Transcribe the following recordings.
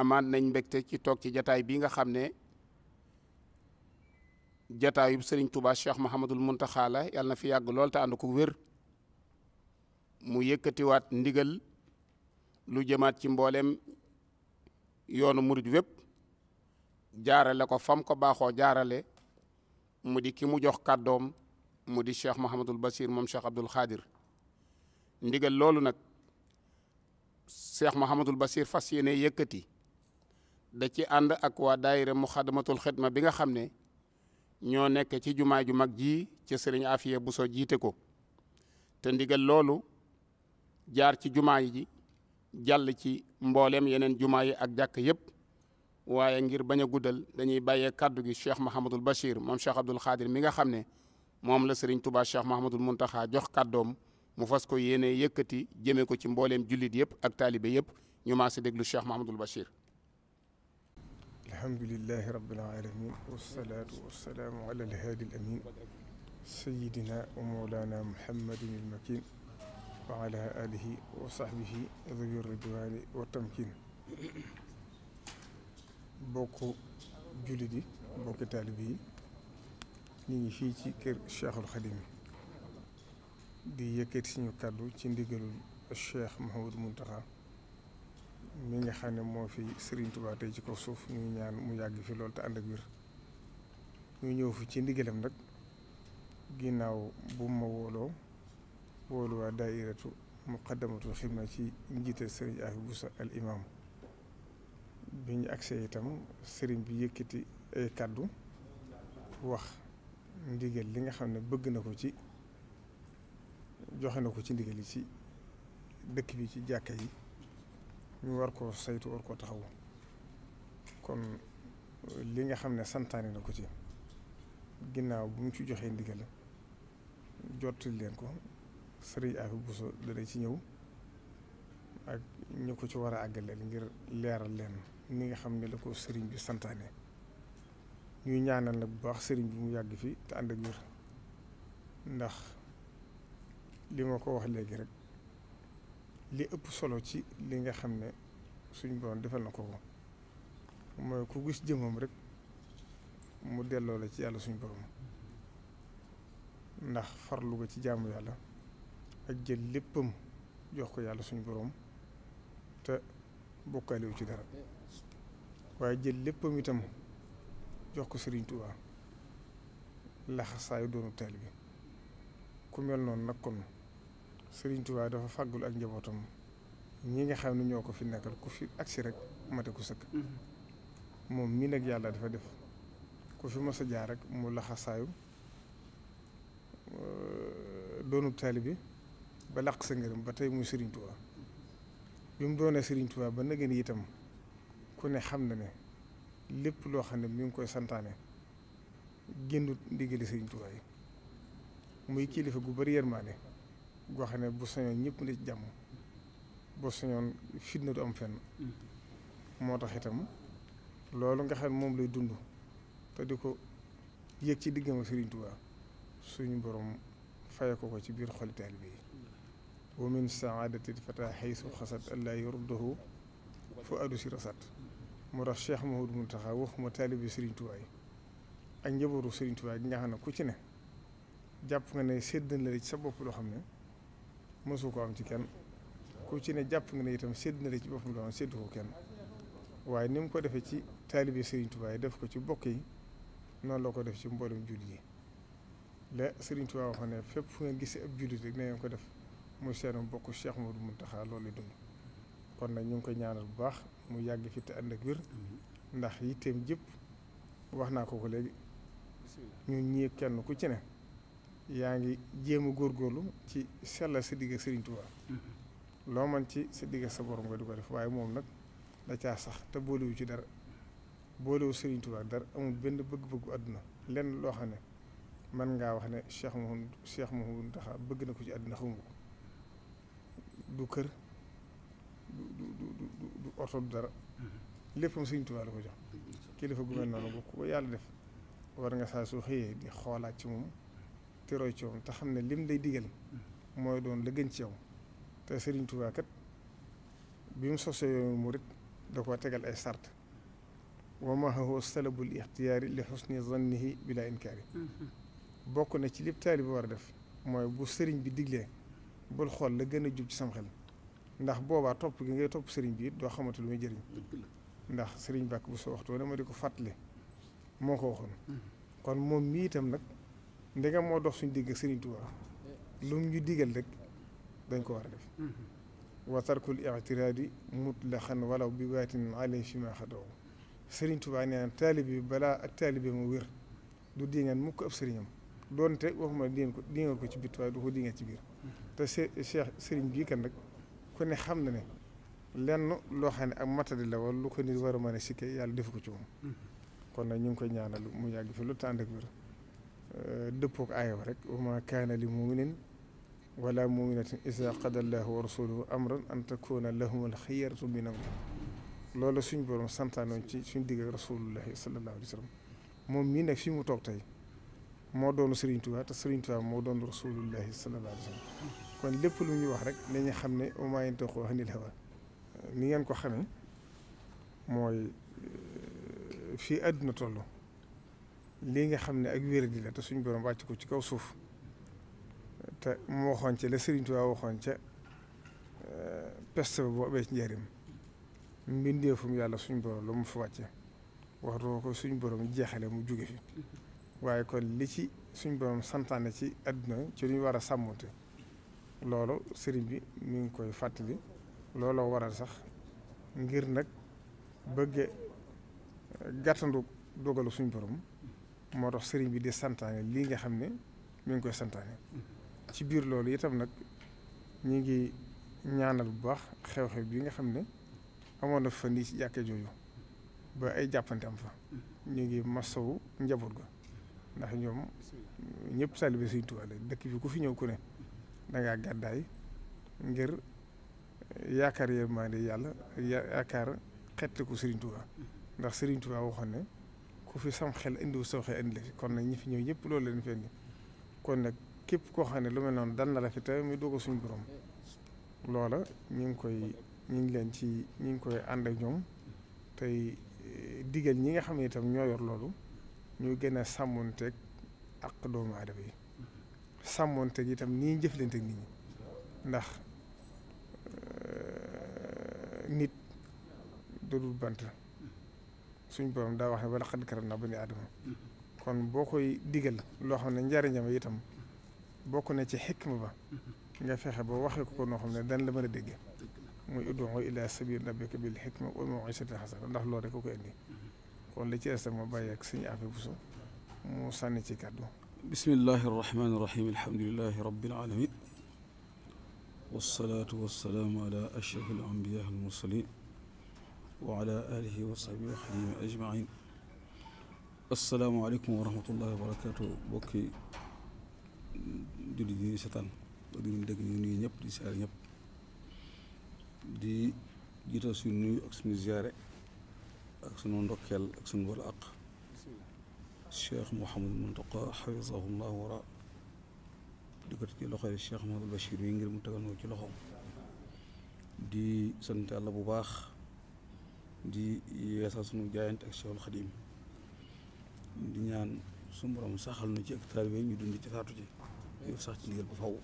amaan nañ mbégte ci toog ci jataay bii nga xam ne jataayub sëriñ Touba Cheikh Mahamadul Muntaxa xaala yàlla na fi yàgg lool te ànd ko wér mu yëkkatiwaat ndigal lu jëmaat ci mboolem yoonu murit wépp jaarale ko fam ko baaxoo jaarale mu di ki mu jox kàddoom mu di Cheikh Mahamadul Basir moom Cheikh Abdul Xaadir ndigal loolu nag Cheikh Mahamadul Basir fas yéene yëkkati da ci ànd ak waa daayira muxadamatul xidma bi nga xam ne ñoo nekk ci jumaa ju mag ji ci sëriñ bu Buso jiite ko te ndigal loolu jaar ci jumaa yi ji jàll ci mbooleem yeneen jumaa yi ak jàkk yépp waaye ngir bañ a guddal dañuy bàyyee kàddu gi cheikh mahamadul bachir moom cheikh abdul xaadir mi nga xam ne moom la sëriñ tubaa cheikh mahamadul muntaxa jox kàddoom mu fas ko yéene yëkkati jëme ko ci mbooleem jullit yëpp ak taalibe yëpp ñu maa si déglu cheikh mahamadul bachir alhamdulilahi rabbil alamin wassalaatu wassalaamu ala alhaadi alamin sayidina wa mawlana muhammadin almakin wa ala alihi wa sahbihi zawi ridwani wa tamkin bokk jullit yi bokki taalibe yi ñu ngi fii ci kër Cheikhul Khadim di yëkkati suñu kàddu ci ndigalul Cheikh Mouhamadou Mountakha mi nga xam ne moo fi sëriñ Touba tey ci kaw suuf ñu ñaan mu yàgg fi loolu te ànd ak wér ñu ñëw fi ci ndigalam rek ginnaaw bu ma wóoloo wóolu waa daayiratu muqaddamatul xidma ci njiital Serigne Afi Boussa al imam bi ñu agsee itam Serigne bi yëkkati ay kàddu wax ndigal li nga xam ne bëgg na ko ci joxe na ko ci ndigal yi ci dëkk bi ci jàkka yi ñu war koo saytu war koo taxaw kon li nga xam ne santaane na ko ci ginnaaw bu mu ci joxee ndigal jottali leen ko sëriñ Afi Bousso dana ci ñëw ak ñu ko ci war a àggaleel ngir leeral leen ni nga xam ne la ko sëriñ bi santaane ñuy ñaanal nag bu baax sëriñ bi mu yàgg fii te ànd ak wér ndax li ma ko wax léegi rek li ëpp solo ci li nga xam ne suñ borom defal na ko mooy ku gis jëmmam rek mu delloo la ci yàlla suñ boroom ndax farlu ga ci jaamu yàlla ak jël léppam jox ko yàlla suñu boroom te bokkaaliwu ci dara waaye jël léppam itam jox ko Serigne Touba laxasaayu doonu taalibe ku mel noonu nag kon Serigne dafa fàggul ak njabootam ñi ngi xam ne ñoo ko fi nekkal ku fi agsi rek mate ku sëkk. Mhm. moom mii nag yàlla dafa def ku fi mos jaar rek mu laxasaayu euh, doonub taalibe ba laq sa ngërëm ba tey muy Serigne Touba bi mu doonee Serigne ba nag yéen itam ku ne xam na ne lépp loo xam ne mi ngi koy santaane génnut ndigali Serigne Touba muy kilifa gu bari yërmaane goo xam ne bu sañoon ñépp ne ci jàmm bu sañoon fitna du am fenn mm-hmm. moo tax itam loolu nga xam ne moom lay dund te di ko yëg ci diggam ak Sëriñ suñu borom faye ko ko ci biir xoli taalibe yi wa min saadatil fata xaysu xasat allaa yurdahu fu addu si rasat moo tax Cheikh Mahmoud Muntaxa waxuma taalibe Sëriñ Tuubaa yi ak njabootu Sëriñ Tuubaa gi nga ku ci ne jàpp nga ne séddal la ci sa bopp loo xam ne mësu ko am ci kenn ku ci ne jàpp nga ne itam sédd na la ci boppam doon séddu ko kenn waaye ni mu ko defee ci taalibe Serigne Touba yi def ko ci bokk yi noonu la ko def ci mboolem jullit yi la Serigne Touba waxoon fépp fu ngeen gisee ab jullit rek na ko def muy seenum bokk Cheikh Modou Mountakha loolu lay kon nag ñu ngi ko ñaanal bu baax mu yàgg fi te ànd ak wér mm-hmm. ndax yitteem jëpp wax naa ko ko léegi ñun ñii kenn ku ci ne. yaa ngi jéem a góorlu ci sellal sa digg ak Serigne mm-hmm. loo man ci sa digg sa borom nga di ko def waaye moom nag da caa sax te boolewu ci dara boolewu Serigne Touba dara amul benn bëgg-bëggu àdduna lenn loo xam ne man ngaa wax ne Cheikh Mouhoun Cheikh Mouhoun tax bëgg na ko ci àdduna xamu ko du kër du du du du oto du dara mm-hmm. léppam Serigne Touba la ko jox mm-hmm. kilifa gu mel noonu ko yàlla def war nga saa soo xëyee di xoolaat ci moom. te roy ci moom te xam ne lim lay digal mooy doon la gën ci yow te Serigne Touba kat bi mu sosee yoonu murit da koo tegal ay sart wa ma huwa salabul ixtiyaari li xusni zannihi bila inkaari bokk na ci lépp taalibe war a def mooy bu sëriñ bi diglee bul xool la gën a jub ci sam xel ndax boobaa topp gi ngay topp sëriñ bi it doo xamante lu muy jëriñ ndax sëriñ bàkk bu soo waxtu ne ma di ko fàttali moo ko mm-hmm. moom mii itam nag ndegam moo dox suñ digg ak Serigne lu mu ñu digal rek dañ ko war a def wa tarkul ictiraadi mutlaqan walaw bi waatin alay fi ma xadaw Serigne Touba nee na taalib bi balaa ak taalib mu wér du dingaan mukk ab sëriñam doonte waxuma dingaan ko dingaan ko ci bit waaye du ko dingaan ci biir te Cheikh Serigne bii kan rek ku ne xam na ne lenn loo xam ne ak matadi la wala lu ko nit war a mën a yàlla def ko ci moom mm-hmm. kon nag ñu ngi koy ñaanal mu yàgg fi lu tànd ak wér Euh, dëppook aaya ba rek wa ma kaana li muminin wala muminatin isa qadallahu wa rasuluhu amran an takuna lahum alxiyaratu mi amri loolu suñ borom santaanoon ci suñ digg ak rasulullahi sallallahu alayhi wa sallam moom mii nag fi mu toog tey moo doon Serigne Touba te Serigne Touba moo doon rasulullahi sallallahu alayhi wa sallam kon lépp lu ñuy wax rek nañu xam ne wa maa yantiqu anil hawa ni ngeen ko xamee mooy euh, fii àdduna toll lii nga xam ne ak wéradi la te suñ borom wàcc ko ci kaw suuf te mu waxoon ca la Sëriñ Tuubaa waxoon ca euh, peste boo amee ci njëriñ mbindeefum yàlla suñ borom la wàcce waxtu ko suñ borom jeexale mu jóge waaye kon li ci suñ borom santaane ci àdduna ci lu war a sàmmonte loolu sëriñ bi mu ngi koy fàttali looloo waral sax ngir nag bëgge euh, gàttandu dogalu suñ boroom moo tax sëriñ bi di santaane lii nga xam ne mu ngi koy santaane mm-hmm. ci biir loolu itam nag ñu ngi ñaanal bu baax xew-xew bi nga xam ne amoon na fa nii ci jàkkee jooju ba ay jàppante am fa mm-hmm. ñu ngi masawu njaboot ga mm-hmm. ndax ñoom ñëpp taalibe Sëriñ Tuubaa dëkk bi ku fi ñëw ko ne dangaa gàddaay ngir yaakaar yërmande yàlla yaakaar xetliku Sëriñ Tuubaa ndax Sëriñ Tuubaa waxoon ne ku fi sam xel indiwu soo xel indi la fi kon nag ñi fi ñëw ñëpp loolu leen fi indi kon nag képp koo xam ne lu mel noonu dal na la fi te muy dugg suñu borom loola ñu ngi koy ñu ngi leen ci ñu ngi koy ànd ak ñoom tey eh, digal ñi nga xam ne itam ñoo yor loolu ñu gën a sàmmonteeg ak doomu aadama yi sàmmonteeg itam nii jëflanteeg nit ñi ndax eh, nit dudul bant suñ borom daa waxee ne wala xad karam naa bani aadama kon boo koy digal loo xam ne njariñam itam bokk na ci xikma ba nga fexe boo waxee ko noo xam ne dan la mën a dégg muy ud'u ila sabil rabbika bil hikma wal maw'izatil hasana ndax loolu rek ko koy indi kon li ci des ma bàyyi ak suñu affaire bu so mu sànni ci kàddu bismillahi arrahmani irrahim alhamdulilahi rabbil alamin wassalatu wassalaamu ala ashrafil anbiya al wa ala alihi wa sahbihi wa xadimi ajmain asalaamaaleykum wa rahmatullahi wa barakaatu bokki jullit ñuy setaan ak ñu dégg ñëpp di siyaare ñëpp di jiital suñu nuyu ak suñu ziyaare ak suñu ndokkeel ak suñu wala aq cheikh Mouhamadou Muntaqa xafisahu llahu wara di ko ci loxo yi cheikh Mouhamadou Bachir yi ngir mu tegal ci loxoom di sant yàlla bu baax di yeesal sunu jaayante ak Cheikhul Xadim di ñaan sunu borom saxal nu ci ak taalibe ñu dundi ci faatu ci yow sax ci ndigal ba faw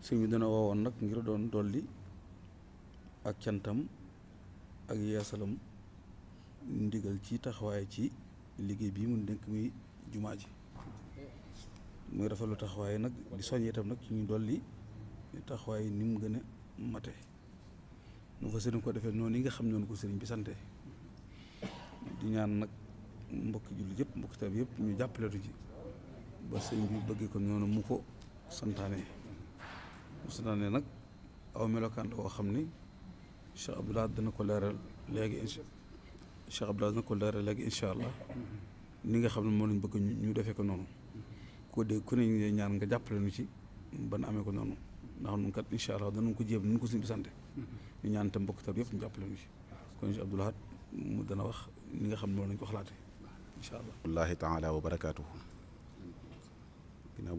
su bi dana woowoon nag ngir doon dolli ak cantam ak yeesalam ndigal ci taxawaay ci liggéey bii mu dénk mi jumaa ji muy rafetlu taxawaay nag di soññ itam nag ci ñu dolli taxawaay ni mu gën a mate nu fa sëriñ ko defee noonu yi nga xam noonu ko sëriñ bi sante di ñaan nag mbokki jullit yëpp mbokki taab yëpp ñu jàppaletu ci ba sëriñ bi ko noonu mu ko santaane mu santaane nag aw melokaan la woo xam ni Cheikh Abdoulaye dana ko leeral léegi incha Cheikh Abdoulaye dana ko leeral léegi incha allah ni nga xam ne moom lañ bëgg ñu defee ko noonu koo de ku ne ñu ñaan nga jàppale nu ci ban amee ko noonu ndax nun kat incha allah danañ ko jéem nu ko suñ bi sante ñu mbokk taw yëpp ñu jàppale ñu si dana wax ni nga xam ne noonu lañ ko xalaatee incha allah. wallaahi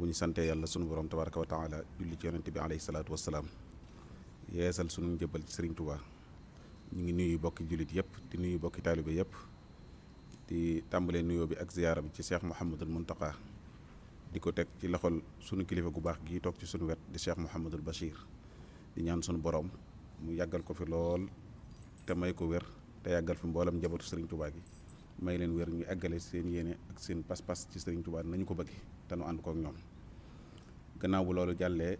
ñu santee yàlla sunu borom tabaraka wa taala julli ci yonente bi alayhi salaatu wassalaam yeesal sunu njëbal ci Serigne Touba ñu ngi nuyu bokki jullit yëpp di nuyu bokki taalibe yëpp di tàmbalee nuyoo bi ak ziyaara bi ci Cheikh Mouhamadul Mountakha di ko teg ci loxol sunu kilifa gu baax gii toog ci sunu wet di Cheikh Mouhamadul Bachir di ñaan sunu boroom mu yàggal ko fi lool te may ko wér te yàggal fi mboolam njabootu sëriñ Tuubaa gi may leen wér ñu eggale seen yéene ak seen pas-pas ci sëriñ Tuubaa nañu ko bëgg te nu ànd kook ñoom gannaaw bu loolu jàllee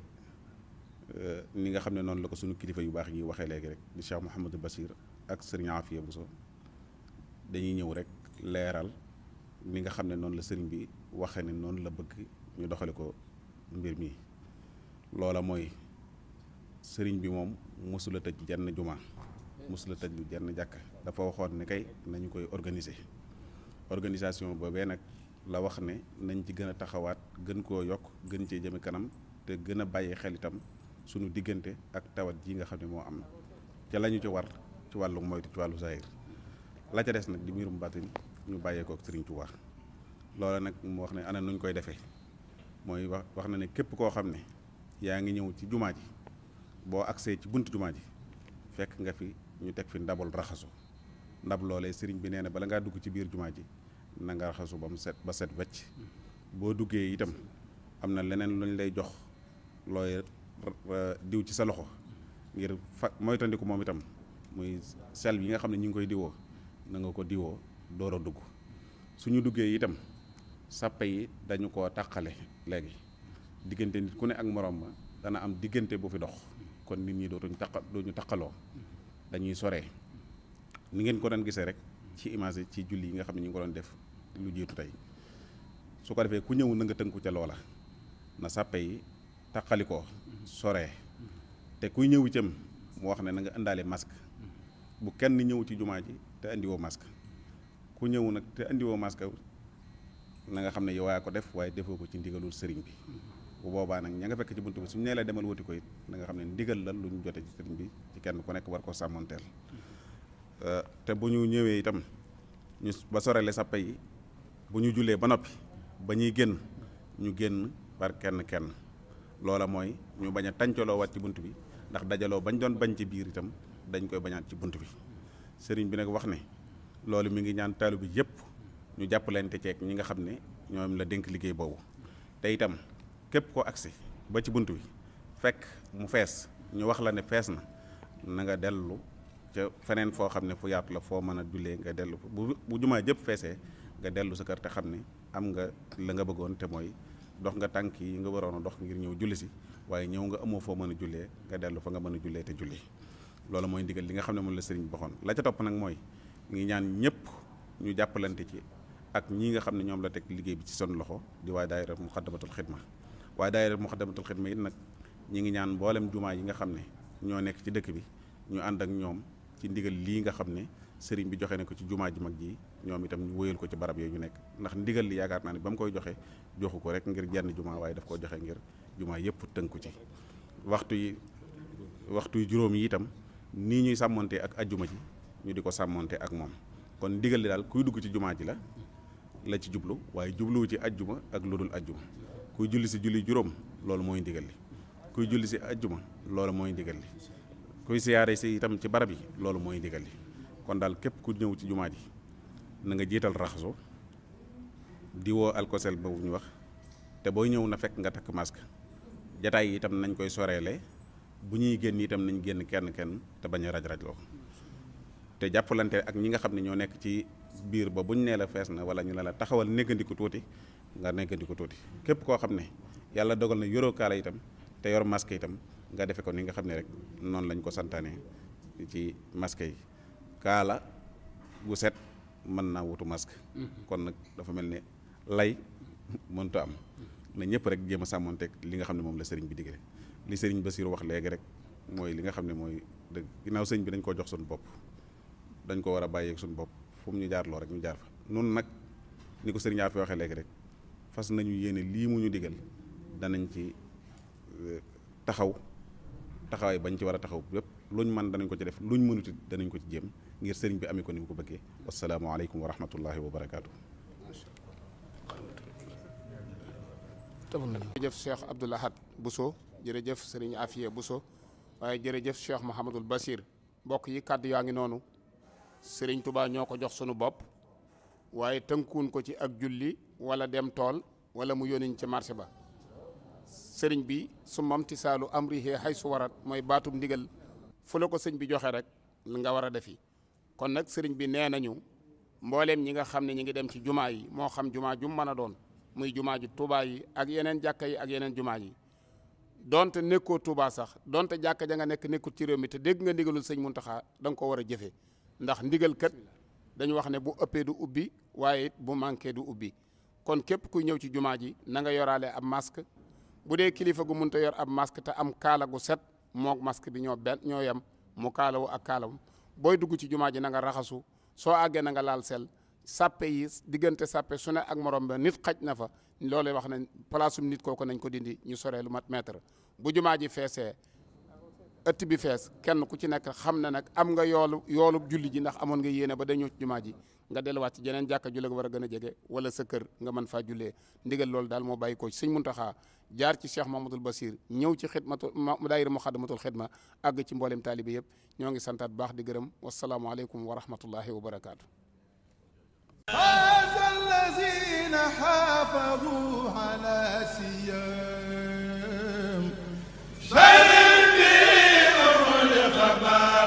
euh, ni nga xam ne noonu la ko suñu kilifa yu baax yi waxee léegi rek di Cheikh Mouhamadou Bachir ak sëriñ Afia so dañuy ñëw rek leeral ni nga xam ne noonu la sëriñ bi waxee ne noonu la bëgg ñu doxale ko mbir mi loola mooy sëriñ bi moom mosula tëj jenn juma mosula tëj jenn jàkk dafa waxoon ne kay nañu koy organiser organisation boobee nag la wax ne nañ ci gën a taxawaat gën koo yokk gën cee jëme kanam te gën a bàyyi xel itam suñu diggante ak tawat ji nga xam ne moo am ca la ñu ci war ci wàllu moytu ci wàllu zahir la ca des nag di mbirum baatin ñu bàyyee ko ak sëriñ Tuubaa loola nag mu wax ne ana nuñ koy defee mooy wax wax na ne képp koo xam ne yaa ngi ñëw ci jumaa ji boo agsee ci buntu jumaa ji fekk nga fi ñu teg fi ndabul raxasu ndab loolee sëriñ bi nee na bala ngaa dugg ci biir jumaa ji nanga nga raxasu ba mu set ba set wecc boo duggee itam am na leneen lu ñu lay jox looy euh, diw ci sa loxo ngir fa moytandiku moom itam muy sel bi nga xam ne ñu ngi koy diwoo na nga ko diwoo door a dugg suñu duggee itam sàppe yi dañu ko taqale léegi diggante nit ku ne ak moroom ma dana am diggante bu fi dox kon nit ñi dootuñ doo ñu taqaloo dañuy sore ni ngeen ko doon gisee rek ci image ci julli yi nga xam ne ñu ngi ko doon def lu jiitu tey su ko defee ku ñëw na nga tënku ca loola na sàppe yi taqalikoo sore te kuy ñëwu itam mu wax ne na nga indaale masque bu kenn ñëw ci jumaa ji te indiwoo masque ku ñëw nag te indiwoo masque na nga xam ne yow yaa ko def waaye defoo ko ci ndigalul sëriñ bi bu boobaa nag ña nga fekk ci bunt bi suñ nee la demal wuti ko it da nga xam ne ndigal la lu ñu jote ci sëriñ bi ci kenn ku nekk war koo sàmmoonteel euh, te bu ñu ñëwee itam ñu ba sorele sàppe yi bu ñu jullee ba noppi ba ñuy génn ñu génn par kenn kenn loola mooy ñu bañ a tàncaloo waat ci bunt bi ndax dajaloo bañ doon bañ ci biir itam dañ koy bañaat ci bunt bi sëriñ bi nag wax ne loolu mi ngi ñaan taalu bi yëpp ñu jàppalante ceeg ñi nga xam ne ñoom la dénk liggéey boobu te képp koo agsi ba ci bunt bi fekk mu fees ñu wax la ne fees na na nga dellu ca feneen foo xam ne fu yaatu la foo mën a jullee nga dellu bu bu jumaa jëpp feesee nga dellu sa kër te xam ne am nga la nga bëggoon te mooy dox nga tànk yi nga waroon a dox ngir ñëw julli si waaye ñëw nga amoo foo mën a jullee nga dellu fa nga mën a jullee te julli loolu mooy ndigal li nga xam ne moom la sëriñ bi la ca topp nag mooy ngi ñaan ñëpp ñu jàppalante ci ak ñi nga xam ne ñoom la teg liggéey bi ci seen loxo di waa daayira Muxaddamatul Xidma waaye daayira Muxaddamatul Xidma it nag ñi ngi ñaan mboolem jumaa yi nga xam ne ñoo nekk ci dëkk bi ñu ànd ak ñoom ci ndigal lii nga xam ne sëriñ bi joxe na ko ci jumaa ji mag ji ñoom itam ñu wóyal ko ci barab yooyu ñu nekk ndax ndigal li yaakaar naa ne ba mu joxe joxu ko rek ngir jenn jumaa waaye daf ko joxe ngir jumaa yëpp tënku ci waxtu yi waxtu yi juróom yi itam ni ñuy sàmmonte ak ajjuma ji ñu di ko sàmmonte ak moom kon ndigal li daal kuy dugg ci jumaa ji la la ci jublu waaye jubluwu ci ajjuma ak lu dul ajjuma kuy julli si julli juróom loolu mooy ndigal li kuy julli si juma loolu mooy ndigal li kuy siyaare si itam ci barab yi loolu mooy ndigal li kon daal képp ku ñëw ci juma ji na nga jiital raxasu di woo alkosel boobu ñu wax te booy ñëw na fekk nga takk masque jataay yi itam nañ koy soreele bu ñuy génn yitam nañ génn kenn kenn te bañ a raj-raj loo te jàppalante ak ñi nga xam ne ñoo nekk ci biir ba buñ nee la fees na wala ñu ne la taxawal néggandiku tuuti nga nekk di ko tuuti képp koo xam ne yàlla dogal na yoroo kaala itam te yor masque itam nga defe ko ni nga xam ne rek noonu lañ ko santaane ci masque yi kaala gu set mën naa wutu masque mm-hmm. kon nag dafa mel ne lay mëntu am na ñëpp rek jéem a sàmmonteeg li nga xam ne moom la sëriñ bi digg li sëriñ Basiir wax léegi rek mooy li nga xam ne mooy dëgg ginnaaw sëriñ bi dañ koo jox suñu bopp dañ ko war a bàyyeeg suñu bopp fu ñu jaarloo rek ñu jaar fa noonu nag ni ko sëriñ fi waxee léegi rek fas nañu yéene lii mu ñu digal danañ ci euh, taxaw taxawaay bañ ci war a taxaw lépp luñ mën danañ ko ci def luñ mënut it danañ ko ci jéem ngir sëriñ bi amee ko ni mu ko bëggee wasalaamualeykum wa rahmatullahi wa barakaatu. jërëjëf Cheikh Abdoul Ahad Bousso jërëjëf sëriñ Afiye Bousso waaye jërëjëf Cheikh Mouhamadul Basir mbokk yi kàddu yaa ngi noonu sëriñ Touba ñoo ko jox sunu bopp. waaye tënkuwun ko ci ak julli wala dem tool wala mu yóniñ ci marché ba sëriñ bi su mam ti saalu amrihee xay su warat mooy baatum ndigal fu la ko sëñ bi joxe rek nga war a defi kon nag sëriñ bi nee nañu mbooleem ñi nga xam ne ñi ngi dem ci jumaa yi moo xam jumaa ju mën a doon muy jumaa ju Tuubaa yi ak yeneen jàkka yi ak yeneen jumaa yi donte nekkoo Tuubaa sax donte jàkka ja nga nekk nekkul ci réew mi te dégg nga ndigalul sëñ Muntaxa da nga ko war a jëfe ndax ndigal kat dañu wax ne bu ëppee du ubbi waaye bu manqué du ubbi kon képp kuy ñëw ci jumaa ji na nga yoraale ab masque bu dee kilifa gu mënta yor ab masque te am kaala gu set moog masque bi ñoo benn ñoo yem mu kaalawu ak kaalam booy dugg ci jumaa ji na raxasu soo àggee na nga laal sel sàppe yi diggante sàppe su ne ak morom ba nit xaj na fa loolu wax nañ palaasum nit kooku nañ ko dindi ñu soree lu mat mètre bu jumaa ji feesee ëtt bi fees kenn ku ci nekk xam ne nag am nga yoolu yoolub julli ji ndax amoon nga yéene ba dañoo ci jumaa ji nga delluwaat ci jeneen jàkka ju la war a gën a jege wala sa kër nga mën faa jullee ndigal loolu daal moo bàyyi ko ci munta Muntaxa jaar ci Cheikh Mahmadul Basir ñëw ci xidmatu daayira Muxaddamatul Xidma àgg ci mboolem taalibi yëpp ñoo ngi santaat baax di gërëm wasalaamualeykum wa rahmatullahi wa barakaatu Bye.